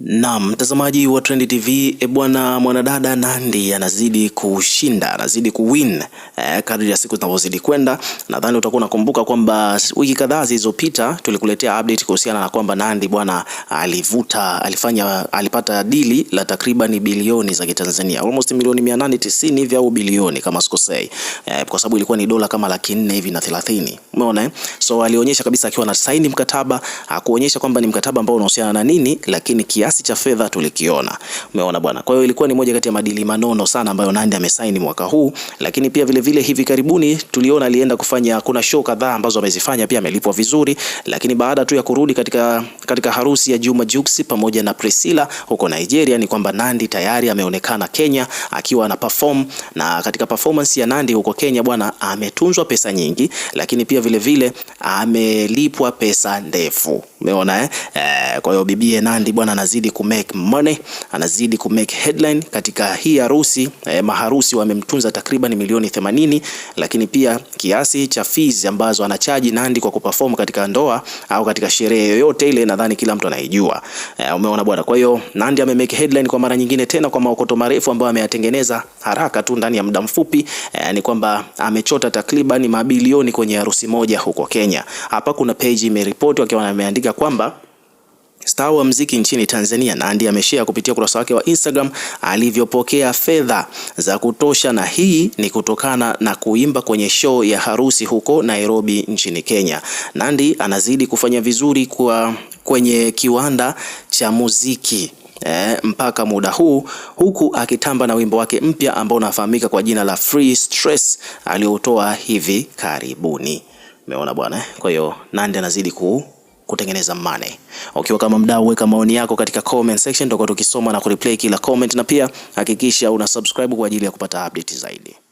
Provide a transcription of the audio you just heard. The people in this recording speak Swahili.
Na mtazamaji wa Trend TV, e bwana, mwanadada Nandi anazidi kushinda, anazidi kuwin e, kadri ya siku zinavyozidi kwenda. Nadhani utakuwa unakumbuka kwamba wiki kadhaa zilizopita tulikuletea update kuhusiana na kwamba Nandi bwana alivuta, alifanya, alipata dili la takriban bilioni za Kitanzania, almost milioni 890 hivi au bilioni kama sikosei, e, kwa sababu ilikuwa ni dola kama laki nne hivi na 30. Umeona, eh? so alionyesha kabisa akiwa na saini mkataba, akuonyesha kwamba ni mkataba ambao unahusiana na nini, lakini kia kiasi cha fedha tulikiona. Umeona bwana. Kwa hiyo ilikuwa ni moja kati ya madili manono sana ambayo Nandy amesaini mwaka huu, lakini pia vile vile hivi karibuni tuliona alienda kufanya, kuna show kadhaa ambazo amezifanya pia amelipwa vizuri, lakini baada tu ya kurudi katika, katika harusi ya Juma Jux pamoja na Priscilla huko Nigeria ni kwamba Nandy tayari ameonekana Kenya akiwa na perform na katika performance ya Nandy huko Kenya bwana, ametunzwa pesa nyingi, lakini pia vile vile amelipwa pesa ndefu. Umeona eh? Eh, kwa hiyo bibie Nandy bwana anazidi ku make money, anazidi ku make headline katika hii harusi eh, maharusi wamemtunza takriban milioni 80, lakini pia kiasi cha fees ambazo anachaji Nandy kwa kuperform katika ndoa au katika sherehe yoyote ile, nadhani kila mtu anaijua. Eh, umeona bwana. Kwa hiyo Nandy make headline kwa mara nyingine tena kwa maokoto marefu ambayo ameyatengeneza haraka tu ndani ya muda mfupi eh, ni kwamba amechota takriban mabilioni kwenye harusi moja huko Kenya. Hapa kuna page imeripoti wakiwa wameandika kwamba Star wa mziki nchini Tanzania Nandy ameshare kupitia ukurasa wake wa Instagram alivyopokea fedha za kutosha, na hii ni kutokana na kuimba kwenye show ya harusi huko Nairobi nchini Kenya. Nandy anazidi kufanya vizuri kwa kwenye kiwanda cha muziki E, mpaka muda huu huku akitamba na wimbo wake mpya ambao unafahamika kwa jina la Free Stress aliotoa hivi karibuni. Umeona bwana, eh? kwa hiyo Nandy anazidi ku kutengeneza money. Ukiwa kama mdau, weka maoni yako katika comment section, tutakuwa tukisoma na kureplay kila comment, na pia hakikisha una subscribe kwa ajili ya kupata update zaidi.